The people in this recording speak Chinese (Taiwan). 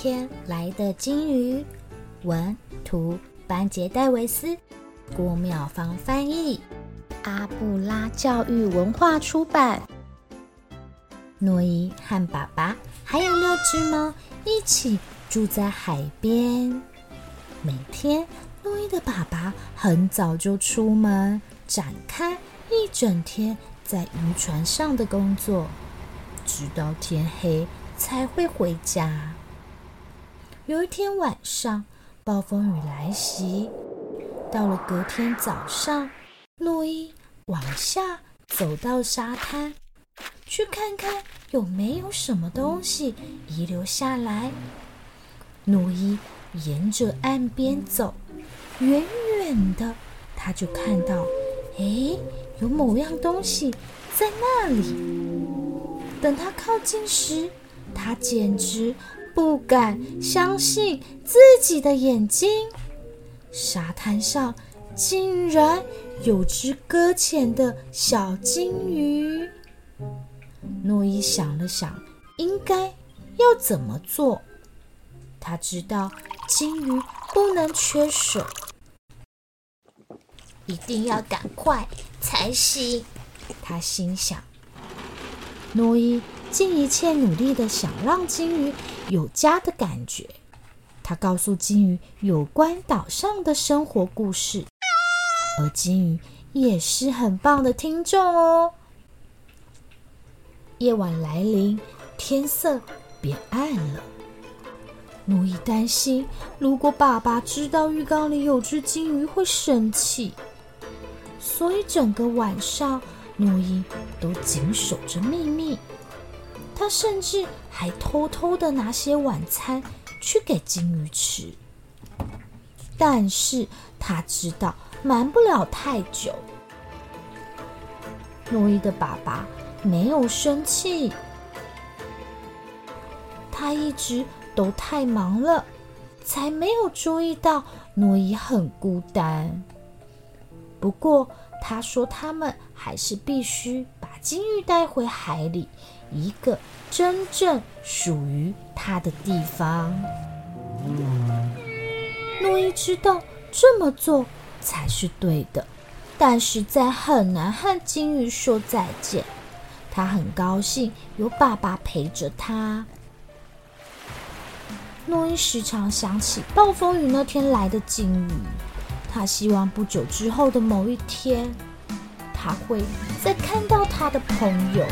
天來的鯨魚，文圖班傑戴維斯，郭妙芳翻譯，阿布拉教育文化出版。諾伊和爸爸還有六隻貓一起住在海邊。每天，諾伊的爸爸很早就出門，展開一整天在漁船上的工作，直到天黑才會回家。有一天晚上，暴風雨來襲。到了隔天早上，諾伊往下走到沙灘，去看看有沒有什麼東西遺留下來。諾伊沿着岸邊走，遠遠的他就看到，誒，有某樣東西在那裡。等他靠近時，他簡直……不敢相信自己的眼睛，沙灘上竟然有隻擱淺的小鯨魚。諾伊想了想，應該要怎麼做？他知道鯨魚不能缺水，一定要趕快才行。他心想：諾伊。盡一切努力的想讓鯨魚有家的感覺。他告訴鯨魚有關島上的生活故事，而鯨魚也是很棒的聽眾哦。夜晚來臨，天色變暗了。諾伊擔心，如果爸爸知道浴缸裡有隻鯨魚會生氣，所以整個晚上諾伊都緊守着秘密。他甚至還偷偷的拿些晚餐去給鯨魚吃，但是他知道瞞不了太久。諾伊的爸爸沒有生氣，他一直都太忙了，才沒有注意到諾伊很孤單。不過他說他們還是必須。鯨魚帶回海裡，一個真正屬於它的地方。諾伊知道這麼做才是對的，但實在很難和鯨魚說再見。他很高興有爸爸陪着他。諾伊時常想起暴風雨那天來的鯨魚，他希望不久之後的某一天，他會再看到他的朋友。